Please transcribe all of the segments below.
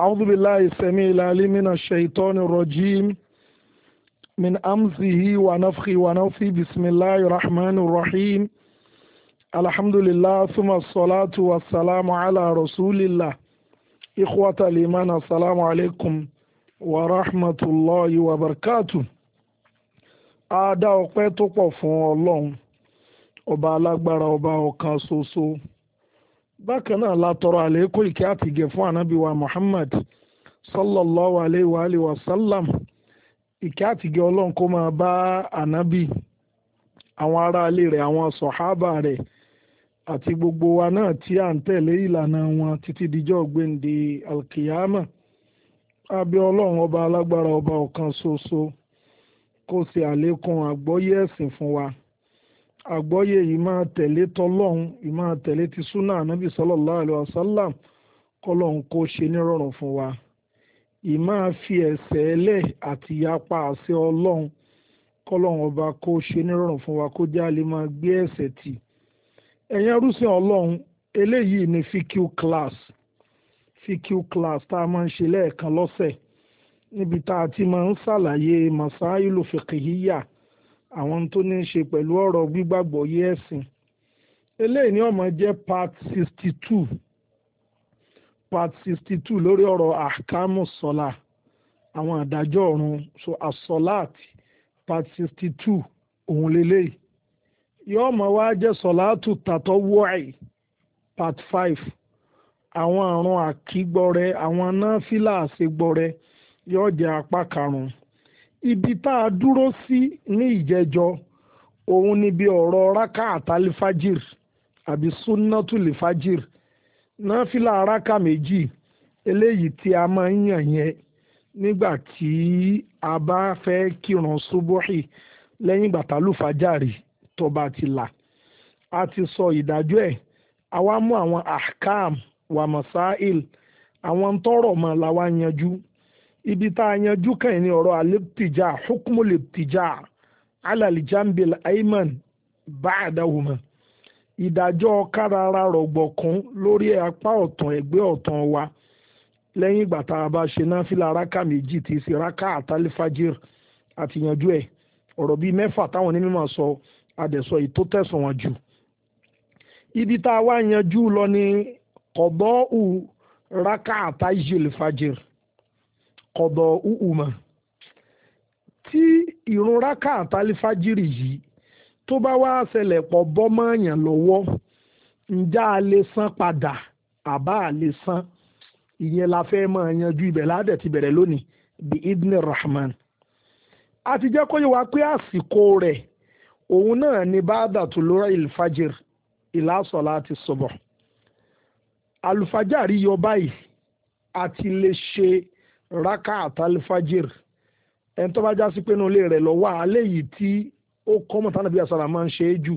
أعوذ بالله السميع العليم من الشيطان الرجيم من أمزه ونفخي ونوفي بسم الله الرحمن الرحيم الحمد لله ثم الصلاة والسلام على رسول الله إخوة الإيمان السلام عليكم ورحمة الله وبركاته a dá ọpẹ́ الله pọ̀ fún ọlọ́run ọba alágbára bákan náà la tọrọ àlékún ìkẹ́ àtìgẹ̀ fún ànábì Muhammad sallallahu alayhi wa alayhi wa sallam ìkẹ́ àtìgẹ̀ ọlọ́run kó máa bá ànábì àwọn aráalé rẹ̀ àwọn sọ̀hábà rẹ̀ àti gbogbo wa náà tí à ń tẹ̀lé ìlànà wọn títí dijọ́ gbẹ̀ǹde alkiyama abẹ́ ọlọ́run ọba alágbára ọba ọ̀kan ṣoṣo kó ṣe àlékún àgbọ́yé ẹ̀sìn fún wa. àgbọ́yé yìí máa tẹ̀lé tọlọ́hún yìí máa tẹ̀lé ti súnà ànábì sallallahu alaihi wasallam kọlọ́hún kó ṣe nírọ̀rùn fún wa yìí máa fi ẹ̀sẹ̀ ẹlẹ̀ àti yapa àṣẹ ọlọ́hún kọlọ́hún ọba kó ṣe nírọ̀rùn fún wa kó já lè máa gbé ẹ̀sẹ̀ tì ẹ̀yin arúsìn ọlọ́hún eléyìí ni fq class fq class tá a máa ń ṣe lẹ́ẹ̀kan lọ́sẹ̀ níbi tá a ti máa ń ṣàlàyé masáìlú fìkìhíyà àwọn tó ní í ṣe pẹ̀lú ọ̀rọ̀ gbígbàgbọ́ yé ẹ̀sìn eléyìí ni ọmọ jẹ́ part sixty two part sixty two lórí ọ̀rọ̀ àkámù sọ́lá àwọn àdájọ́ ọ̀run so asọ́láàt part sixty two òun lélẹ́yìí yóò mọ̀ wá jẹ́ sọ́láàtù tàtọ́ wọ́ọ̀ì part five àwọn àrùn àkígbọ́rẹ́ àwọn náà fílà àṣegbọ́rẹ́ yóò jẹ́ apá karùn-ún ibi tá a dúró sí ní ìjẹjọ òun níbi ọ̀rọ̀ raka àtàlífàjìr àbí sunnatulifajir náfìlà raka méjì eléyìí tí a máa ń yàn yẹn nígbà tí a bá fẹ́ kírun subuhi lẹ́yìn gbàtàlúfàjárì tó ti là a ti sọ ìdájọ́ ẹ̀ a wá mú àwọn ahkam wa masail àwọn tọrọ mọ́ la wá yanjú ibi tá a yanjú kàn ní ọ̀rọ̀ aliptija hukmu liptija alalijambil ayman ba'dahuma ìdájọ́ kárara rọ̀gbọ̀kún lórí apá ọ̀tún ẹ̀gbẹ́ ọ̀tún wa lẹ́yìn ìgbà tá a bá ṣe náfìlà rákà méjì tí í ṣe rákà àtàlífàjìr àti yanjú ẹ̀ ọ̀rọ̀ bíi mẹ́fà táwọn onímọ̀ sọ adẹ̀sọ yìí tó tẹ̀sán wọn jù ibi tá a wá yanjú lọ ni kọ̀dọ́ù rákà àtàjìl kọ̀dọ̀ uhùmọ̀ tí ìrora káàtàlífàjìrì yìí tó bá wá ṣẹlẹ̀ pọ̀ bọ́mọ̀ọ̀yàn lọ́wọ́ ǹjẹ́ a lè san padà àbá a lè san ìyẹn la fẹ́ máa yanjú ibẹ̀ ládẹ̀ ti bẹ̀rẹ̀ lónìí bí ibn rahman a ti jẹ́ kó yẹ wá pé àsìkò rẹ̀ òun náà ni báàdà tó lóra ìlfàjìr ìlàsọ̀lá ti sọ̀bọ̀ àlùfájàrí yọ báyìí a lè ṣe raka àtàlífàjìr ẹni tó bá já sí pé inú ilé rẹ̀ lọ wá alẹ́ yìí tí ó kọ́ mọ̀ tánàbí àsàlà máa ń ṣe é jù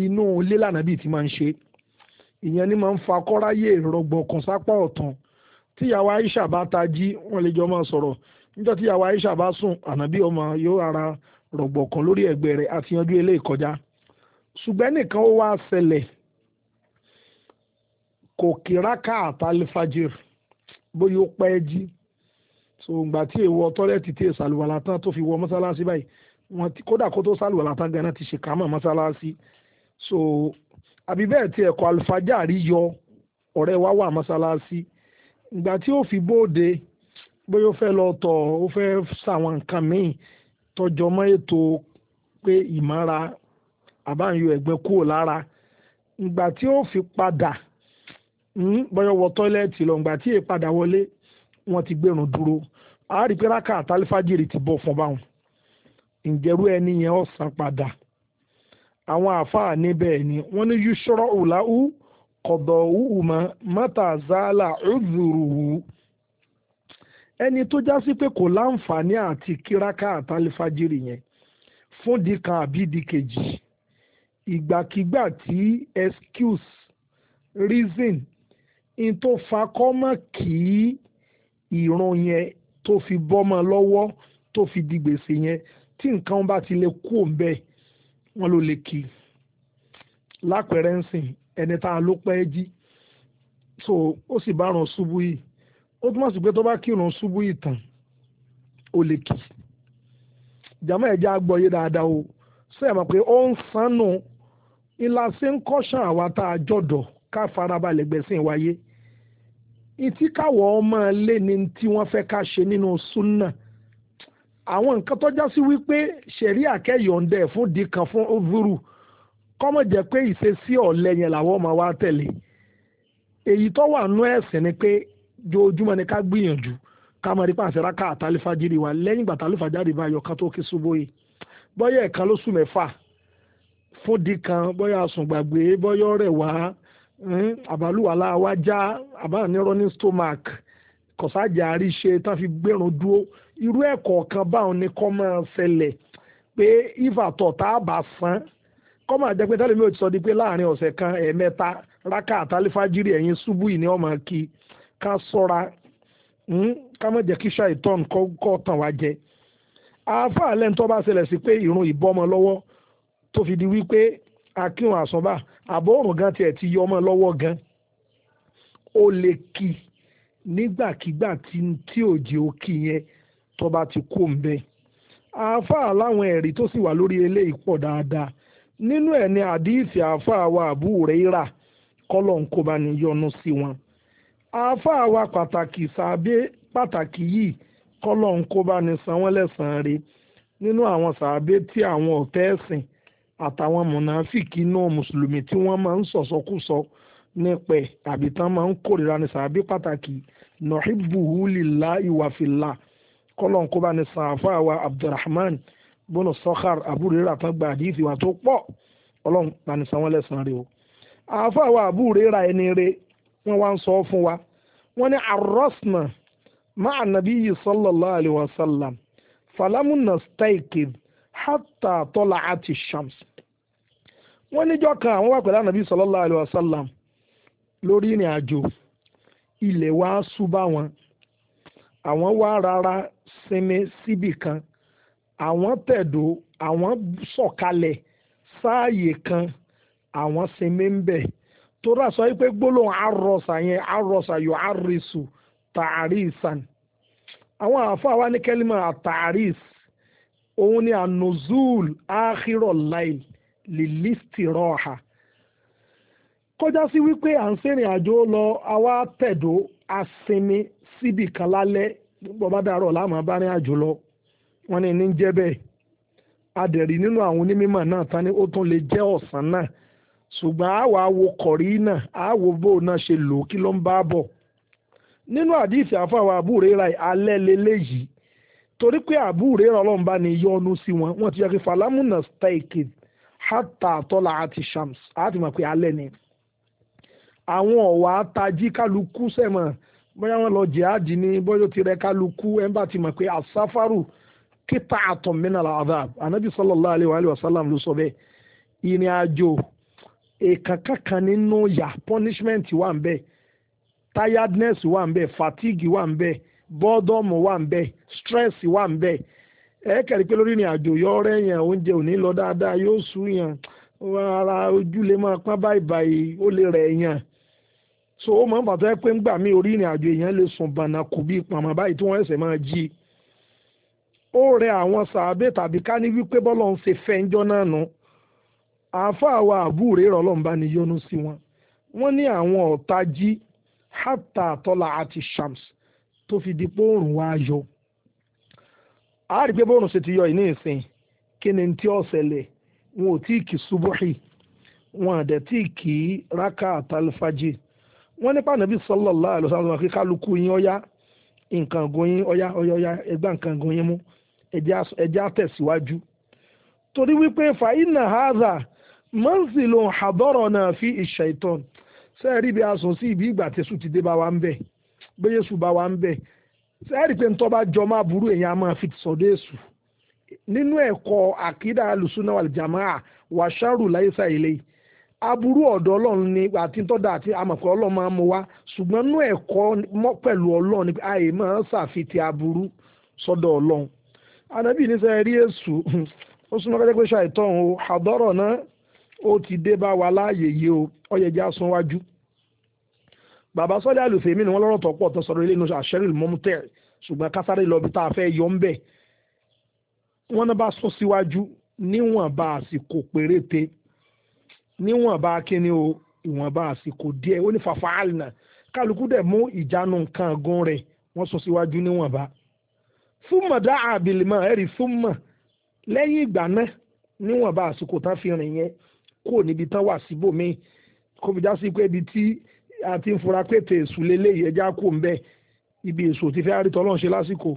inú ilé lànàbí ti máa ń ṣe ìyẹn ni máa ń fa kọ́ráyè rọgbọ̀kàn sápá ọ̀tàn tíyàwó Aisha bá tají wọn lè jọ máa sọ̀rọ̀ níjọ́ tíyàwó Aisha bá sùn ànàbí ọmọ yóò ara rọgbọ̀kàn lórí ẹ̀gbẹ́ rẹ̀ àti yanjú ilé ìkọjá ṣùgbọ́n nìkan ó wá ṣẹlẹ̀ kò kí raka àtàlífàjìr bóyá ó pẹ́ jí so ìgbà tí èèwọ̀ tọ́lẹ́tì tí èsàlùwàlà tán tó fi wọ mọ́sálásí báyìí wọn kódà kó tó sàlùwàlà tán gan-an ti ṣe kàmọ́ mọ́sálásí so àbí bẹ́ẹ̀ tí ẹ̀kọ́ alifájàrí yọ ọ̀rẹ́ wa wà mọ́sálásí ìgbà tí ó fi bóde bóyá ó fẹ́ lọ tọ̀ ó fẹ́ sàwọn nǹkan míì tọjọ́ mọ́ ètò pé ìmọ̀ra àbáyọ ẹ̀gbẹ́ kúrò lára ìgbà tí ó fi padà hmm, bóyá wọ tọ́lẹ́ẹ̀tì lọ ìgbà tí èèpadà wọlé wọ́n ti gbẹ̀rùn dúró a rí pé rákà àtàlífàjìrì ti bọ̀ fún báwọn ǹjẹ́rú ẹni yẹn ó san padà àwọn àáfàá níbẹ̀ ni wọ́n ní yusoro ulawu kọ̀dọ̀ uuma mata zala uzuruhu ẹni tó já sí pé kò láǹfààní àti kíráká àtàlífàjìrì yẹn fún kan àbí di kejì ìgbàkigbà tí excuse reason in tó fa kọ́mọ̀ kí ìrun yẹn tó fi bọ́mọ lọ́wọ́ tó fi di gbèsè yẹn tí nǹkan bá ti lè kú òǹbẹ wọn ló lè kí lápẹẹrẹ ń sìn ẹni tá a ló pẹ́ jí so ó sì bá ràn ṣubú yìí ó túmọ̀ sí pé tó bá kírun ṣubú yìí tán ó lè kí jàmọ́ ẹ̀já gbọ́yé dáadáa o ṣe é mọ̀ pé ó ń sánú ńlá ṣe ń kọ́ṣàn àwa tá a jọ̀dọ̀ ká farabalẹ̀ gbẹ̀sìn wáyé ìtí káwọ́ ọmọ lé ni tí wọ́n fẹ́ ká ṣe nínú súnà àwọn nǹkan tó já sí wípé ṣẹ̀rí àkẹ́yọ̀ǹdẹ̀ fún dìkan fún ovuru kọ́mọ̀ jẹ́ pé ìṣesí ọ̀lẹ́ yẹn làwọn ọmọ wa tẹ̀lé èyí tó wà nú ẹ̀sìn ni pé joojúmọ́ ni ká gbìyànjú ká máa rí pàṣẹ ráká àtàlífàjìrì wa lẹ́yìn ìgbà tàlífàjìrì bá yọ ká tó kí súbóyè bọ́yá ẹ̀ka lóṣù mẹ́fà fún dìkan bọ́yá àsùngbàgbé bọ́yá ọ̀rẹ́ wàá Hmm? àbálùwàlà wa já àbá ní running stomach kọ̀sájà àríṣe tán fi gbẹ̀rún dúró irú ẹ̀kọ́ kan báwọn ni kọ́ máa ṣẹlẹ̀ pé ìfàtọ̀ tá a bá san kọ́ máa jẹ́ pé tẹ́lẹ̀ mi ò ti sọ di pé láàrin ọ̀sẹ̀ kan ẹ̀ẹ̀mẹ́ta rákà àtàlífàjírì ẹ̀yìn ṣubú ìní ọmọ kí ká sọ́ra hmm? ká má jẹ́ kí ṣàìtọ́n kọ́ tàn wá jẹ. àáfàá lẹ́nu tó bá ṣẹlẹ̀ sí pé ìrun ìbọ́mọ lọ́wọ́ tó fi di wípé akínwó àsánbà àbóòrùn gan tiẹ̀ ti yọ ọmọ lọ́wọ́ gan o lè kí nígbàkigbà tí òjì ó kí yẹn tọba bá ti kó ń bẹ́ẹ̀ àáfàá láwọn ẹ̀rí tó sì wà lórí eléyìí pọ̀ dáadáa nínú ẹ̀ ni àdíìsì àáfàá wa Abu Hurairah kọ́lọ̀ ń kó bá ní yọnu sí wọn àáfàá wa pàtàkì sàbẹ́ pàtàkì yìí kọ́lọ̀ ń kó bá ní san lẹ́sàn-án rẹ̀ nínú àwọn sàbẹ́ tí àwọn ọ̀tẹ́ ẹ̀sìn àtàwọn mọ̀nàfíìkì náà mùsùlùmí tí wọ́n máa ń sọ̀sọ́kùsọ nípẹ̀ tàbí tán máa ń kórìíra ní sàbí pàtàkì nọ̀híbùhù lìlá ìwàfìlà kọ́lọ̀n kó bá ní sàáfà wa abdulrahman bọ́nà sọ́kàr àbúrérà tán gba àdìsí wa tó pọ̀ ọlọ́run bá ní sanwó lẹ́sàn-án rẹ̀ o. àáfà wa àbúrérà ẹni rẹ̀ wọ́n wá ń sọ fún wa wọ́n ní arọ́sùnà máa nàbí yìí sallallahu alaihi wasallam falamu nastaikid hatta tọ́lá àti shams wọ́n níjọ́ kan àwọn wà pẹ̀lú ànàbí sallallahu alaihi wasallam lórí ìrìn àjò ilẹ̀ wa ṣú bá wọn àwọn wá rárá sinmi síbì kan àwọn tẹ̀dó àwọn sọ̀kalẹ̀ sáàyè kan àwọn sinmi ń bẹ̀ torá sọ wípé gbólóhùn arọ̀sà yẹn arọ̀sà yóò arìsù tààrísàn àwọn àáfàá wa ní kẹ́límà tààrís òun ni anuzul ahiro lail lilisti roha kọjá sí wípé à ń sẹ́rìn àjò lọ àwa tẹ̀dó asinmi síbì kan lálẹ́ bọ́bá dàrọ̀ láàmú abárin àjò lọ wọn ni ní jẹ́ bẹ́ẹ̀ nínú àwọn onímọ̀ náà ni ó tún lè jẹ́ ọ̀sán náà ṣùgbọ́n àwa wo kọ̀rí náà àwo bó náà ṣe lò kí ló ń bá bọ̀ nínú àdìsí àfàwọ̀ àbúrẹ́ra alẹ́ torí pé àbúrò bá ní yọ ọ́nú sí wọn ti yọ falamuna staikin hata àti shams àti mọ̀ pé alẹ́ ni àwọn ọ̀wà tají kálukú sẹ́mọ̀ bóyá wọn lọ jihadi ní bóyá ti rẹ kálukú ẹ̀ ń bá ti mọ̀ pé asáfárù kíta àtọ̀mínà anabi sallallahu alayhi wa sallam ló sọ bẹ́ẹ̀ ìrìn àjò boredom wà ń bẹ̀ stress wà ń bẹ̀ ẹ kẹ́rì lórí yọ ọrẹ́ yẹn oúnjẹ ò lọ dáadáa yóò sú yẹn ara ojú máa pọ́n báyìí báyìí ó lè rẹ̀ yẹn so ó mọ̀ ń pé ń gbà mí orí àjò lè sùn bànà kù bí pàmò báyìí tí wọ́n ẹsẹ̀ máa jí ó rẹ àwọn tàbí ká ní wípé bọ́lọ̀ ń ṣe fẹ́ńjọ́ náà wa ni yọnu wọn ní àwọn ọ̀tá jí hátà tó fi di pòórùn wa yọ a rí pé bóòrùn ti yọ ìní ìsìn kí ni tí ó ṣẹlẹ̀ wọn ò tíì kí subuhi wọn àdẹ̀ tíì kí raka àtàlùfájì wọn nípa nàbí sallallahu alaihi wasallam kí kálukú yín ọ̀yá nǹkan goyin ọ̀yá ọ̀yá ẹgbà nǹkan mú torí wípé fàyínà mọ́nsìlò náà fi ìṣẹ̀tàn bí a ibi ìgbà tẹ̀sùn ti wa ń bóyá èṣù bá wà ń bẹ̀ sẹ́ẹ̀rì pé ntọ́ bá jọ máa burú èèyàn á máa fi sọ̀dọ̀ èṣù nínú ẹ̀kọ́ àkídà alùsùnà wàlìjàmáà wàṣàrù láìsà ilé aburú ọ̀dọ̀ ọlọ́run ni àti tọ́da àti amọ̀pẹ́ ọlọ́run máa ń mu wá ṣùgbọ́n nínú ẹ̀kọ́ pẹ̀lú ọlọ́run ni àyè máa ń ṣàfitì aburú sọ́dọ̀ ọlọ́run anabi ní sẹ́ẹ̀rí èṣù ó súnmọ́ kẹ́kẹ́ pé ṣàìtọ́ òun àdọ́rọ̀ náà ó ti dé bá wa láàyè yìí ó ọ̀yẹ̀jẹ̀ àsunwájú bàbá sọ́lé àlùfẹ́ mi ni wọ́n lọ́rọ̀ tó pọ̀ tó sọ̀rọ̀ ilé inú àṣẹrì mọ́mútẹ́ ṣùgbọ́n kásáré lọ bí tá a fẹ́ yọ ń bẹ̀ wọ́n náà bá sún síwájú níwọ̀nba àsìkò péréte níwọ̀nba kíni o ìwọ̀nba àsìkò díẹ̀ ó ní fàfà àlìnà kálukú dẹ̀ mú ìjánu nǹkan gun rẹ̀ wọ́n sún síwájú níwọ̀nba fúnmọ̀ dá àbìlìmọ̀ ẹ̀rí fúnmọ̀ lẹ́yìn ìgbà náà níwọ̀nba àsìkò àti ìfura pété èṣù lélẹ́yìí ẹja kò ń bẹ́ ibi èṣù ti fẹ́ àrítọ́ ọlọ́run ṣe lásìkò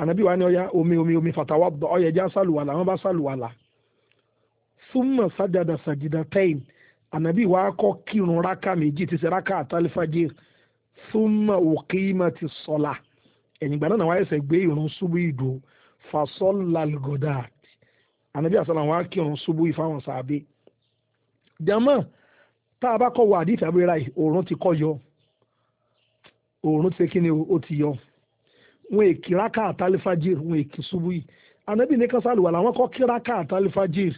ànábì wa ni ọya omi omi omi fàtàwà ọyẹ ẹja sàlùwàlà wọn bá sàlùwàlà súnmọ̀ sájàdà sàjìdà tẹ́yìn ànábì wa kọ́ kírun rákà méjì ti ṣe rákà àtàlífàjì súnmọ̀ òkèémà ti sọ̀la ẹ̀yìn ìgbà náà wáyé sẹ̀ gbé ìrun ṣubú ìdò fasọ́làlgọ́dà ànábì àsàlà wọn á kírun ṣubú ìfáwọn sàbẹ̀ jama tá a bá kọ́ wọ àdìsí abúrera yìí òòrùn ti kọ́ yọ òòrùn ti kí ni ó ti yọ wọn èkì rákà àtàlífàjìr wọn èkì ṣubú yìí ànábì ní kásáàlù wà láwọn kọ́ kí rákà àtàlífàjìr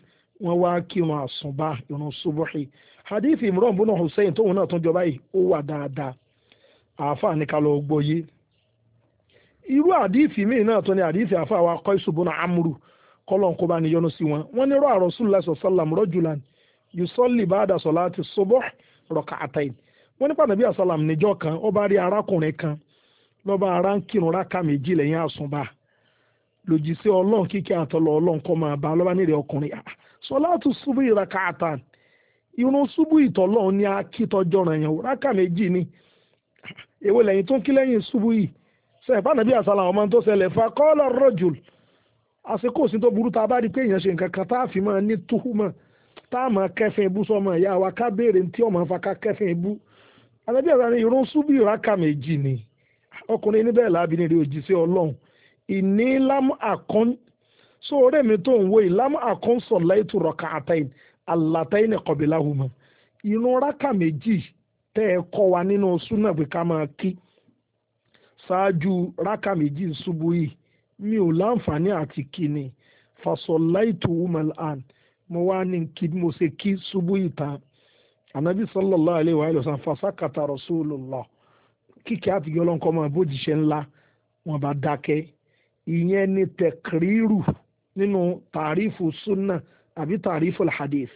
wọn wá kírun àsùnbà irun ṣubúhì àdìsí Imran bùnà Hussein tóun náà tún jọba yìí ó wà dáadáa àáfàá ní ká lọ gbọ́ yé irú àdìsí míì náà tó ní àdìsí àáfàá wa kọ́ ìṣubú náà amúrù kọ́lọ́n kó bá níyọnu sí wọn wọn ní rọ àròsùn lásọ̀ sálàm rọ́jùlán yusọ́lì báàdà sọ̀lá ti sọ́bọ̀ rọ̀kà àtàyè wọ́n nípa nàbí àsálàm níjọ́ kan ó bá rí arákùnrin kan lọ́ba ara ń kírun ráka méjì lẹ́yìn àsùnbà lòjì sí ọlọ́run kíkẹ́ àtọ́lọ́ ọlọ́run kọ́ máa bá lọ́ba nílẹ̀ ọkùnrin ah, sọlá tó ṣubú ìraka àtàn irun ṣubú ìtọ́lọ́run ní akítọ́jọ́ ràn yàn ráka méjì ni èwo lẹ́yìn tó ń kí lẹ́yìn ṣubú yìí sẹ́yìn bá nàbí àsálàm ọmọ tó ṣẹlẹ̀ fa kọ́ọ̀lọ́ rọ́jùl àsìkò tó burú tá bá rí pé èèyàn ṣe nǹkan kan tá a fi máa ní túhùmọ̀ táàmù kẹfìn ibú sọmọ ìyá wa ká béèrè tí ọmọ afa ká kẹfìn ibú àbẹ̀bí ẹ̀rọ ni irun súbì ìraka méjì ni ọkùnrin níbẹ̀ làbí ni rí òjì sí ọlọ́run ìní lámù àkọ́n so orí mi tó ń wo yìí lámù àkọ́n sọ̀lá ètò rọ̀kà àtàyìn àlàtàyìn kọ̀bìláhùmọ̀ irun raka méjì tẹ́ ẹ kọ́ wa nínú súnà pé ká máa kí ṣáájú raka méjì ṣubú yìí mi ò láǹfààní àti kíni fasọ̀lá ètò woman hand mo wá ní kí mo ṣe kí ṣubú ìtàn ànábì sallallahu alaihi wa sallam fasakata rasulullah kíkẹ́ àti yọlọ́nkọ́ máa bójìṣẹ́ ńlá wọn bá dákẹ́ ìyẹn ni tẹ̀kírírù nínú tàrífù súnà àbí tàrífù hadith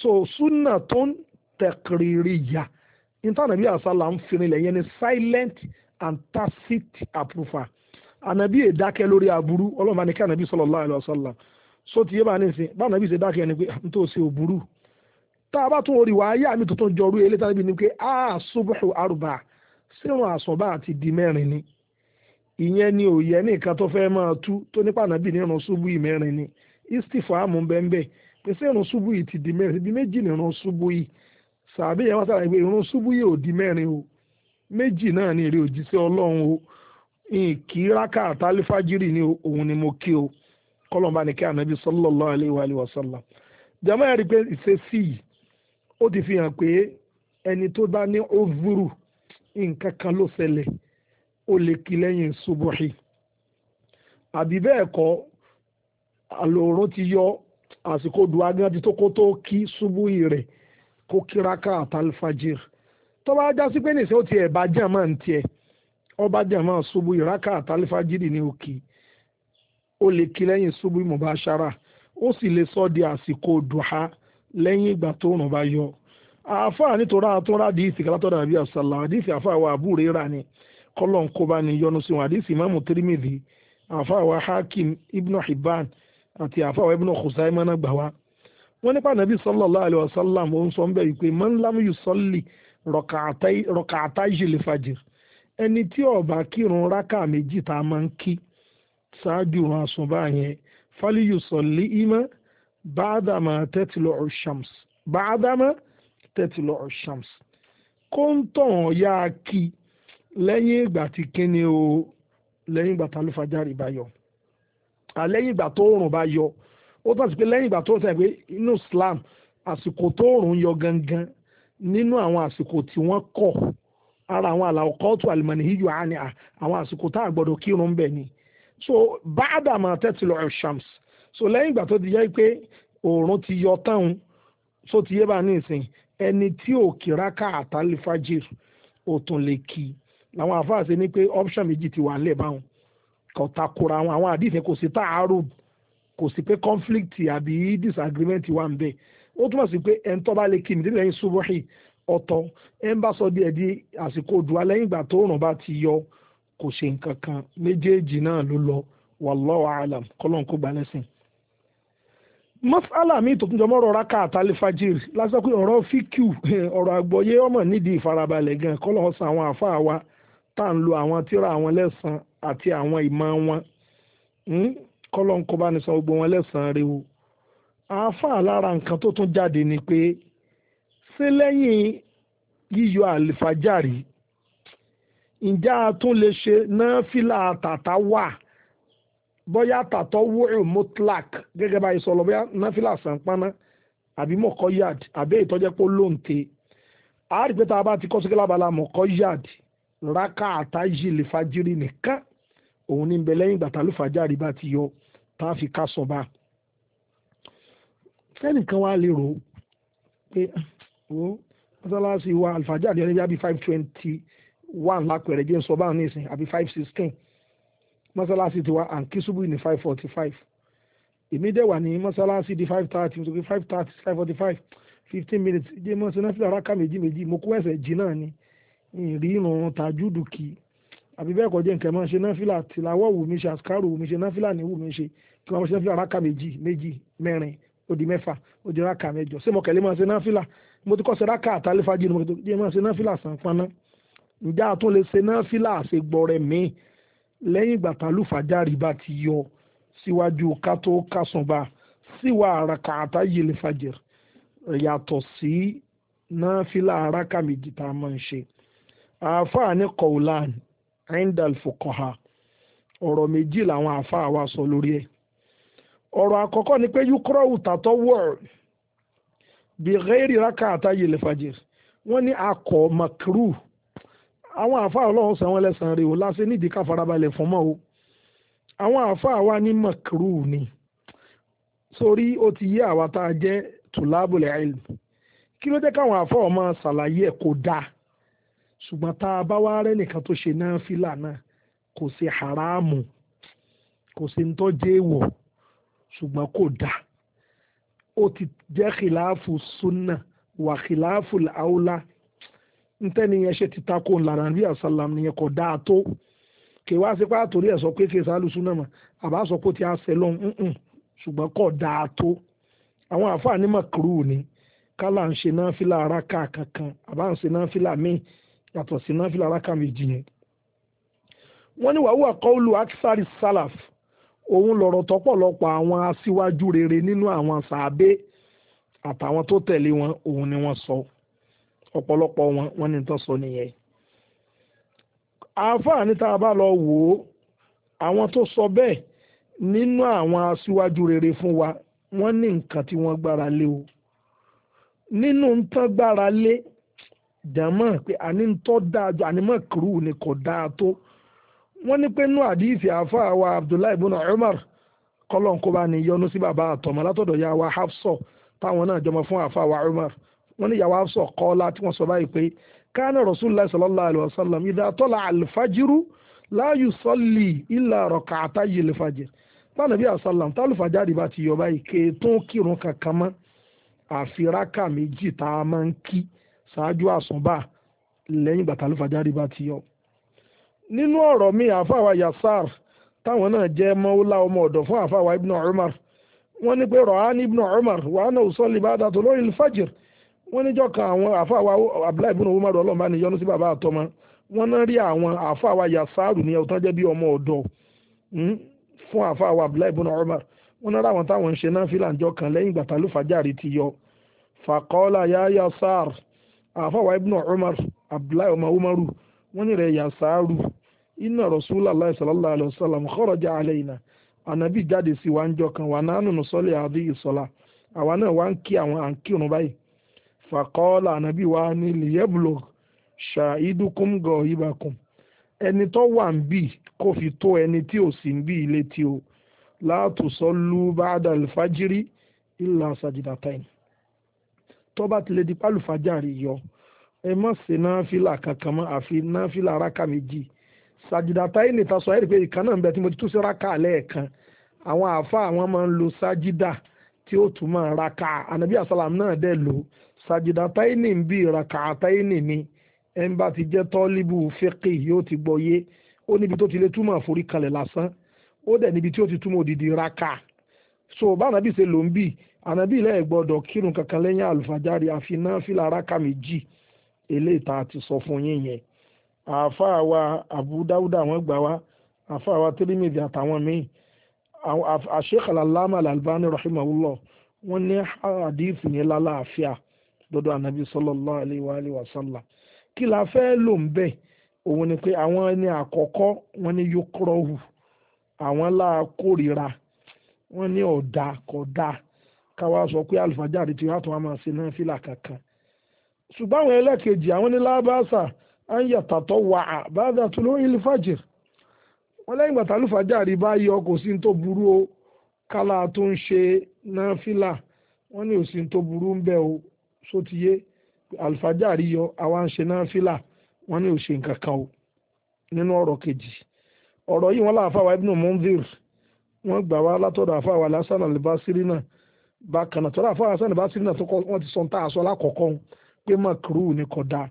so súnà tó ń tẹ̀kírírì yá nítorí àṣàlà ń firinlẹ̀ yẹn ni silent and tacit approval ànábì èdákẹ́ lórí aburú ọlọ́mọbaníkẹ́ ànábì sallallahu alaihi wa so ti yé bá ní ìsìn báwọn nàbí ṣe dákẹ́ ẹni pé ah, n tó ṣe òburú tá a bá tún orí wa ayé àmì tuntun jọrú eléyìí a níbi ni pé a ah, subuhu arba sírun àsọ̀bá àti di mẹ́rin ni ìyẹn ni òye nìkan tó fẹ́ máa tú tó nípa nàbí nírun ṣubú ìmẹ́rin ni istifa àmú bẹ́ńbẹ́ pé sírun ṣubú yìí ti di mẹ́rin ibi méjì nírun ṣubú yìí sàbí yẹn wọ́n sàlàyé pé irun ṣubú yìí ò di mẹ́rin o méjì náà ni èrè òjíṣẹ́ ọlọ́run o ìkíráka àtàlífàjírì ni òun ni mo kí o kọ́lọ́mbà ní kí ànábì sallallahu alayhi wa sallam jàmáà rí pé ìṣesí yìí ó ti fi hàn pé ẹni tó bá ní ovuru nǹkan kan ló ṣẹlẹ̀ ó lè kí lẹ́yìn subuhi àbí bẹ́ẹ̀ kọ́ àlòrán ti yọ àsìkò dùá ti tó kó tó kí subuhi rẹ̀ kó kíráká àtàlfàjìr tó bá já sí pé nìṣẹ́ ó ti ẹ̀ bá jàmáà ń tiẹ̀ ọba jàmáà subuhi raka àtàlfàjìr ni ó kì ó lè kí lẹ́yìn ṣubú mubashara ó sì lè sọ di àsìkò dùhà lẹ́yìn ìgbà tó rùn bá yọ. àáfàá nítorá àtúnrà díìsì kálátọ̀dà àbí àṣàlà àdíìsì àáfàá wa àbúrò rà ní kọ́lọ́n kó bá ní yọnu sí wọn àdíìsì ìmáàmù tirimidi àáfàá wa hakim ibn hibban àti àáfàá wa ibn khuzaimah náà gbà wá. wọ́n nípa nàbí sallallahu alayhi wa sallam ó ń sọ bẹ́ẹ̀ wípé man lam yusalli rọ̀kàtà ìjìlẹ̀ fàjìr ẹni tí ó bá kírun rákà méjì tá a máa ń kí ṣáájú ìrun àsùnbà yẹn fáliyù sọ̀lì ìmọ̀ báàdàmà tẹ́tìlọ̀ ọ̀ṣàms báàdàmà tẹ́tìlọ̀ ọ̀ṣàms kó ń tàn ya kí lẹ́yìn ìgbà tí kíni o lẹ́yìn ìgbà tá ló fajárì bá yọ àlẹ́yìn ìgbà tó rùn bá yọ ó tàn sí pé lẹ́yìn ìgbà tó rùn sẹ́yìn pé inú Islam àsìkò tó rùn yọ gangan nínú àwọn àsìkò tí wọ́n kọ̀ ara àwọn àlàó kọ́ọ̀tù àlùmọ̀nì yíyọ àní àwọn àsìkò tá a gbọ́dọ̀ kírun bẹ̀ ni so baada máa tẹ́tí lọ ṣàms so lẹ́yìn ìgbà tó ti jẹ́ pé òòrùn ti yọ tán so ti yé bá ní ìsìn ẹni tí ò kíra ká àtàlífàjì ò tún lè kí làwọn àfáà ṣe ni pé option méjì ti wà ń lẹ̀ báwọn kò takora wọn àwọn àdìsẹ́ kò sí taarub kò sí pé conflict àbí disagreement wà ń bẹ̀ ó túmọ̀ sí pé ẹni tó bá lè kí nídìí lẹ́yìn subuhi ọ̀tọ̀ ẹ̀ ń bá sọ díẹ̀ di àsìkò dùn alẹ́yìn ìgbà tó rùn bá ti yọ kò ṣe nǹkan kan méjèèjì náà ló lọ wallahu alam kọ́lọ́n kó gbalẹ̀ sìn. masala mi tó tún jọmọ́ rọra ká àtàlẹ́ fajiri lásán pé ọ̀rọ̀ fíkìú ọ̀rọ̀ àgbọ̀yé ọmọ nídìí ìfarabalẹ̀ gan kọ́lọ́n san àwọn àfáà wa tá à ń lo àwọn tíra àwọn lẹ́sàn àti àwọn ìmọ̀ wọn hmm? kọ́lọ́n kó bá ní san gbogbo wọn lẹ́sàn rẹ o àáfàá lára nǹkan tó tún jáde ni pé ṣé lẹ́yìn yíyọ àlìfájàrí ǹjẹ́ a tún lè ṣe náfìlà tàtà wà bóyá tàtọ́ wúrù mutlak gẹ́gẹ́ bá a sọ lọ bóyá náfìlà sànpáná àbí mọ̀kọ́yàd àbí ìtọ́jẹ́ pé lóǹtẹ̀ a rí pé tá a bá ti kọ́ sókè lábala mọ̀kọ́yàd rákà àtàjì lè fajiri nìkan òun ní bẹ lẹ́yìn ìgbà tálùfàjà rí bá ti yọ tá a fi ká sọba fẹ́nìkan wá lè rò pé ó hm, mọ́sálásí wa àlùfàjà rí ẹni bí i five twenty one lápẹ̀rẹ̀ jẹ́ ń sọ báwọn nísìn àbí five sixteen mọ́sálásí ti wá ànkísùbù ni five forty five èmi dẹ̀ wà ní mọ́sálásí di five thirty nítorí five thirty five forty five fifteen minutes jẹ́ mọ́sí náà fìlà rákà méjì méjì mo kó ẹ̀sẹ̀ jì náà ni ìrì ìrùn tajúdù kì í àbí bẹ́ẹ̀ kọjá nǹkan máa ṣe náfìlà tìláwọ̀ wù mí ṣe àṣkárò wù mí ṣe náfìlà ní wù mí ṣe kí wọ́n ṣe náfìlà rákà méjì méjì mẹ́rin ó di mẹ́fà ó di mẹ́jọ ṣé mo kẹ̀lé máa ṣe náfìlà mo ti kọ́ ṣe rákà àtàlẹ́fàjì ni mo ti máa ṣe náfìlà sàǹfààná ǹjẹ́ àtún lè ṣe náà fílà àṣegbọrẹ mi lẹ́yìn ìgbà tálùfàjárì bá ti yọ síwájú ká tó kásùnba síwá àràkà àtàyè lè fàjẹ yàtọ̀ sí náà fílà àràkà méjì tá a máa ń ṣe àáfàá ní kọ̀ọ̀lan indal fuqaha ọ̀rọ̀ méjì làwọn àáfàá wa sọ lórí ẹ̀ ọ̀rọ̀ àkọ́kọ́ ni pé yúkúrọ̀wù tàtọ́ wọ̀ọ̀rù bí gẹ́rì rákà àtàyè lè fàjẹ wọ́n ní akọ̀ makruh àwọn àáfàá ọlọ́run san wọ́n lẹ́sàn-án rè o láṣẹ nídìí ká farabalẹ̀ fún mọ́ o àwọn àáfàá wa ní makru ni sórí ó ti yé àwa tá a jẹ́ tulabul ilm kí ló jẹ́ káwọn àáfàá ọmọ ṣàlàyé ẹ̀ kò dáa ṣùgbọ́n tá a bá wá rẹ́ nìkan tó ṣe náà fìlà náà kò ṣe haramu kò ṣe ń tọ́jú èèwọ̀ ṣùgbọ́n kò dáa ó ti jẹ́ khilafu sunna wà khilafu aula ntẹ́ni yẹn ṣe ti tako ńlára bí àsálàm nìyẹn kò dáa tó kì í wá sí pé àtòrí ẹ̀ sọ pé kì í sálùsùn náà mà àbá sọ pé ó ti àṣẹ lọ́hùn ún ṣùgbọ́n kò dáa tó àwọn àfààní mọ̀kúrú ni kálá ń ṣe náfìlà araka kankan àbá ń ṣe náfìlà míì yàtọ̀ sí náfìlà araka méjì yẹn. wọ́n ní wàhùwà kọ́ọ̀lù akisari salaf òun lọ̀rọ̀ tọ́pọ̀lọpọ̀ àwọn aṣíwájú rere nínú àwọn sàábé àtàwọn tó tẹ̀lé wọn òun ni wọ́n sọ. So ọ̀pọ̀lọpọ̀ wọn wọn ní tó sọ nìyẹn àáfàá ní tá a bá lọ wò ó àwọn tó sọ bẹ́ẹ̀ nínú àwọn aṣíwájú rere fún wa wọ́n ní nǹkan tí wọ́n gbára lé o nínú nǹkan gbára lé jàmọ́ pé àní tọ́ dáa ju àní mọ̀kúrú ni kò dáa tó wọ́n ní pé nú àdìsí àáfàá wa Abdullahi ibùnà Umar kọ́lọ́n kó bá ní yọnu sí bàbá àtọ̀mọ́ látọ̀dọ̀ ya wa Hafsọ táwọn náà jọmọ fún àáfàá wa Umar wọ́n ní ìyàwó afsọ kọ́ọ́lá tí wọ́n sọ báyìí pé kánà rasulullah sallallahu alayhi wa sallam idha tala alfajiru la yusalli illa rak'atayi alfajir tánàbí àsálàm tálùfàjáde bá ti yọ báyìí kéétún kírun kankan mọ́ àfi rákà méjì tá a máa ń kí ṣáájú àsùnbà lẹ́yìn ìgbà tálùfàjáde bá ti yọ. nínú ọ̀rọ̀ mi àfàwà yasar táwọn náà jẹ́ mọ́wúlá ọmọ ọ̀dọ̀ fún àfàwà ibn umar wọ́n ní pé rọ̀hán ibn umar wàhánà òsọ́lì bá dàtò lórí fàjìr wọ́n níjọ́ kan àwọn àfa wa abdullahi ibùnà owó márùn ọlọ́run bá ní yọ́nú sí bàbá àtọmọ wọ́n náà rí àwọn àfa wa yasaru ní ọ̀tán jẹ́ bí ọmọ ọ̀dọ́ hmm, fún àfa wa abdullahi ibùnà umar wọ́n náà ráwọn táwọn ń ṣe náà fílà ńjọ́ kan lẹ́yìn ìgbà tálù fàjárì ti yọ fàkọ́lá ya yasar àfa wa ibùnà umar abdullahi ọmọ umaru wọ́n ní rẹ̀ yasaru iná rasulà allah sallallahu alayhi wa sallam kharaja alayna ànábì jáde sí wa ńjọ́ kan wà nánú nùsọ́lẹ̀ àdéhìsọ́lá àwa náà wá fàkọ́ọ́lá ànábì wa ní lìyẹ́bùlò ṣàìdúkùm gọ̀ ìbàkùm ẹni tó wà ń bì kó fi tó ẹni tí ò sì ń bì létí o látòsọ lu bàdà alfajiri ìlà sàjìdàtàìn tó bá ti lè di pálùfàjárì yọ ẹ má ṣe náfìlà kankan mọ́ àfi náfìlà rákà méjì sàjìdàtàìn nìta sọ ẹ́rì pé ìkan ń bẹ tí mo ti tún sí rákà lẹ́ẹ̀kan àwọn àáfàá àwọn máa ń lo sàjìdà tí ó tún máa rákà ànábì àsálàm náà dẹ̀ lò ó sàjìdàtàìní ń bí ìràkàtàìní ni ẹn bá ti jẹ́ tọ́líbù fẹ́kì yóò ti gbọ́ yé ó níbi tó ti lè túmọ̀ àforíkalẹ̀ lásán ó dẹ̀ níbi tí ó ti túmọ̀ òdìdí raka so bá ànábì ṣe ló ń bì ànábì ilẹ̀ gbọ́dọ̀ kírun kankan lẹ́yìn àlùfàjáre àfi náfìlà raka méjì eléyìí tá a ti sọ fún yín yẹn àáfàá wa Abu Dáúdà wọ́n gbà wá àáfàá wa Tirmidhi àtàwọn míì àṣekàlà lámà Al-Albani rahimahullah ní àdìfù yẹn lálàáfíà lọ́dọ̀ ànábì sallallahu alaihi wa alihi wa sallam kí la fẹ́ lò ń bẹ̀ òun ni pé àwọn ẹni àkọ́kọ́ wọn ni yókùrọ̀hù àwọn láà kórìíra wọn ní ọ̀dà kọ̀dà káwa sọ pé àlùfájàre tí wàá tún wá máa ṣe náà fìlà kankan ṣùgbọ́n àwọn ẹlẹ́kejì àwọn ní lábàṣà á ń yàtàtọ̀ wà á ba'da tulu'il fajr wọn lẹ́yìn gbàtà àlùfájàre bá yọ kò sí tó burú o kálá tó ń ṣe náà fìlà wọn ní òsì tó burú ń bẹ o sotiye alifájàrí yọ àwa ń ṣe náfìlà wọ́n ní ò ṣe nǹkan kan o nínú ọ̀rọ̀ kejì ọ̀rọ̀ yìí wọ́n láàfáà wa ibnu munzir wọ́n gbà wá látọ̀dọ̀ àfáà wa lásán alibasiri náà bákan náà tọ́lá àfáà lásán alibasiri náà wọ́n ti sọ̀ntà àṣọ lákọ̀ọ́kọ́ pé makru ní kódà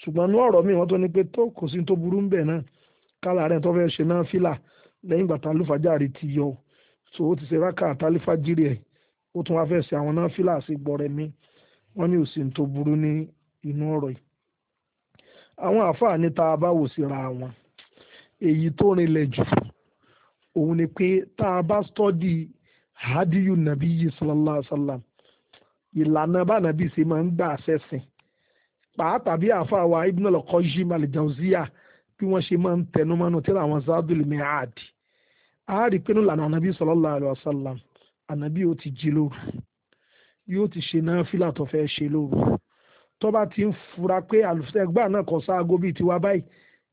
ṣùgbọ́n ní ọ̀rọ̀ míì wọ́n tó ní pé tó kò sí tó burú ń bẹ̀ náà kálá rẹ̀ tó fẹ́ ṣe náà fìlà lẹ́yìn ìgbà tálífàjárì ti yọ so ó ti ṣe rákà tálífàjírì ẹ̀ ó tún wá fẹ́ ṣe àwọn náà fìlà sí gbọ́rẹ̀ míì wọ́n ní òsì tó burú ní inú ọ̀rọ̀ yìí àwọn àáfàá ní tá a bá wò síra wọn èyí tó rinlẹ̀ jù òun ni pé tá a bá stọ́dì hadiyu nabi yi sallallahu alaihi wasallam ìlànà bá nàbí ṣe máa ń gbà sẹ́sìn pàápàá bí àáfàá wa ibn al-Qayyim al-Jawziyya bí wọ́n ṣe máa ń tẹnu mọ́nú tí àwọn Zadul Mi'ad a rí pinnu lànà ànàbí sallallahu alaihi wasallam ànàbí ó ti jí lóru yóò ti ṣe náfìlà tó fẹ́ ṣe lóru tó bá ti ń fura pé àlùfẹ́gbà náà kò sáago bíi tiwa báyìí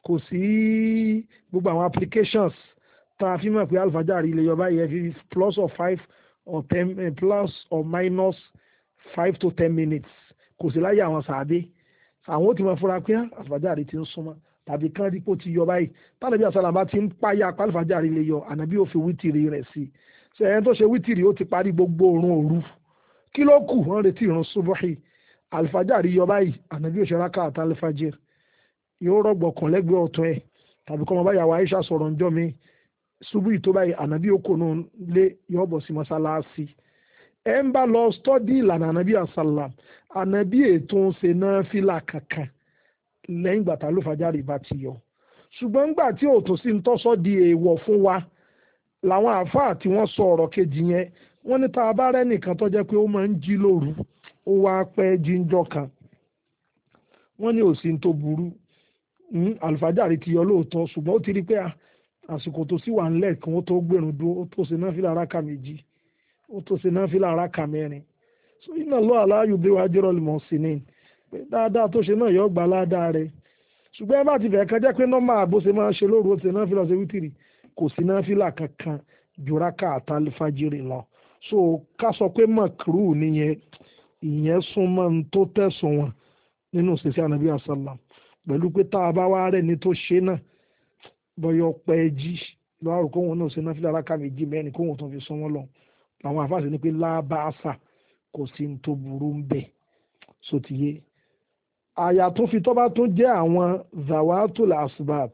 kò sí gbogbo àwọn applications tá a fi mọ̀ pé alfajari ilé yọba yẹ fi plus or five or ten eh, plus or minus five to ten minutes kò sí láyé àwọn sàádé àwọn ó ti máa fura pé ah, alfajari ti ń súnmọ́ tàbí kán dípò ti yọ báyìí tàbí àsàlà bá ti ń páyà alfajari ilé yọ ànábì ó fi wítìrì rẹ̀ sí ṣe ẹni tó ṣe wítìrì ó ti parí gbogbo òórùn òru kí ló kù wọ́n retí ìrun subuhi alifajari yọ báyìí ànábì òṣèré ká àtà alifajir yóò rọgbọ kàn lẹ́gbẹ̀ẹ́ ọ̀tún ẹ̀ tàbí kọ́ ọmọ báyà wa Aisha sọ̀rọ̀ ǹjọ́ mi subuhi tó báyìí ànábì òkò náà lé yọ bọ̀ sí mọ́sálásí ẹ̀ ń bá lọ stọ́dí ìlànà ànábì àsálàm ànábì ètò ń ṣe náà fìlà kankan lẹ́yìn gbàtà alifajari bá ti yọ ṣùgbọ́n ńgbà tí òtún sí ń tọ́sọ́ di èèwọ̀ fún wa làwọn àáfàá tí wọ́n sọ ọ̀rọ̀ kejì yẹn wọ́n ní tá a bá rẹ́nìkan tó jẹ́ pé ó máa ń jí lóru ó wá pẹ́ jíjọ́ kan wọ́n ní òsín tó burú hmm, àlùfájàrí ti yọ lóòótọ́ ṣùgbọ́n ó ti rí pé ah, àsìkò tó sì wà ńlẹ̀ kan ó tó gbèrún dúró ó tó ṣe náfìlà rákà méjì ó tó ṣe náfìlà rákà mẹ́rin so iná lọ aláyù bí wàá jẹ́rọ lè mọ̀ sí ni pé dáadáa tó ṣe náà yọ gbà ládàá rẹ̀ ṣùgbọ́n ẹ bá ti bẹ̀ẹ́ kan jẹ́ pé nọ́mà bó ṣe máa ṣe lóru ó ṣe náfìlà ṣe wítìrì kò sí náfìlà kankan ju rákà àtàlífàjìrì lọ so ká sọ pé mọ̀kúrú nìyẹn ìyẹn súnmọ́ ní tó tẹ̀sùn wọn nínú ṣẹṣẹ anabi asalam pẹ̀lú pé tá a bá wá rẹ̀ ní tó ṣe náà bọ́yọ̀ pẹ́ jí lọ́wọ́ kó náà ṣe náà fílára ká méjì mẹ́rin kó tó fi súnmọ́ lọ àwọn àfáàṣe ni pé lábàásà kò sí ní tó burú ń bẹ̀ sotiye àyà tó fi tọ́ bá tó jẹ́ àwọn zawatul asbab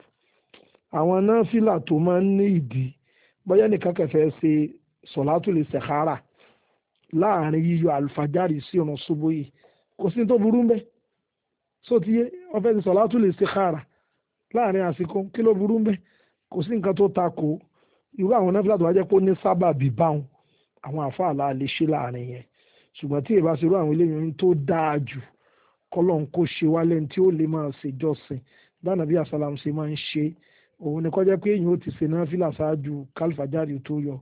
àwọn náà fílà tó máa ń ní ìdí bọ́yá nìkan kẹfẹ́ ṣe sọ̀látùlì sẹ̀kárà láàrin yíyọ àlùfájárì sí ọ̀nà ṣubú yìí kò sí tó burú mbẹ́ sótìyé ọ̀fẹ́ ti sọ̀látùlì sẹ̀kárà láàrin àsìkò kí ló burú mbẹ́ kò sí nǹkan tó takò irú àwọn nẹ́fílà tó wá jẹ́ pé ó ní sábàbí báwọn àwọn àfáà láàlè ṣe láàrin yẹn ṣùgbọ́n tí ìbá ṣerú àwọn eléyìí tó dáa jù kọ́lọ́n kó ṣe wálẹ̀ tí ó lè máa ṣèjọsìn bánàbí àsálàm ṣe máa ń ṣe òun ni kọjá pé èèyàn ó ti ṣe náà fìlà ṣáájú kálífàjárì tó yọ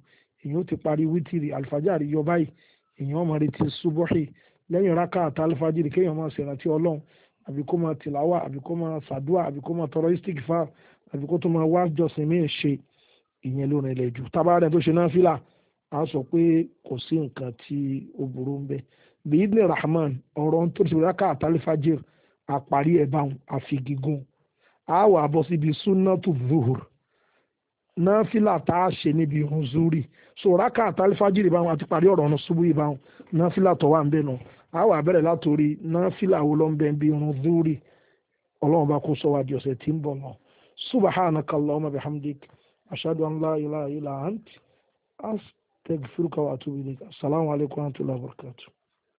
èyí ó ti parí wítìrì àlùfájàrí yọ báyìí èyí ó máa retí subuhi lẹ́yìn rákà àti àlùfájìrì kéèyàn máa ṣèrántí ọlọ́run àbí kó máa tìláwà àbí kó máa ṣàdúà àbí kó máa tọrọ istikfar àbí kó tó máa wá jọsìn míì ṣe ìyẹn ló rìn lẹ́jù tábà rẹ̀ tó ṣe náfìlà a sọ pé kò sí nǹkan tí ó burú ń bẹ bíyìí rahman ọ̀rọ̀ tó ti rákà àti àlùfájìrì àparí ẹ̀ báwọn àfi gígùn a wá bọ́ síbi sunnatu zuhur náfìlà tá a ṣe níbi ìrun zuri so rákà àtàlífàjìrì báwọn àti parí ọ̀rọ̀ ọ̀run ṣubú ìbáwọn náfìlà tó wà ń bẹ̀ nù á wà bẹ̀rẹ̀ látòrí náfìlà wo ló ń bẹ̀ bí ìrun zuri ọlọ́run bá kó sọ wá di ọ̀sẹ̀ tí ń bọ̀ náà subhanaka allahumma bihamdik ashhadu an la ilaha illa ant wa atubu ilaik assalamu alaikum wa rahmatullahi wa barakatuh.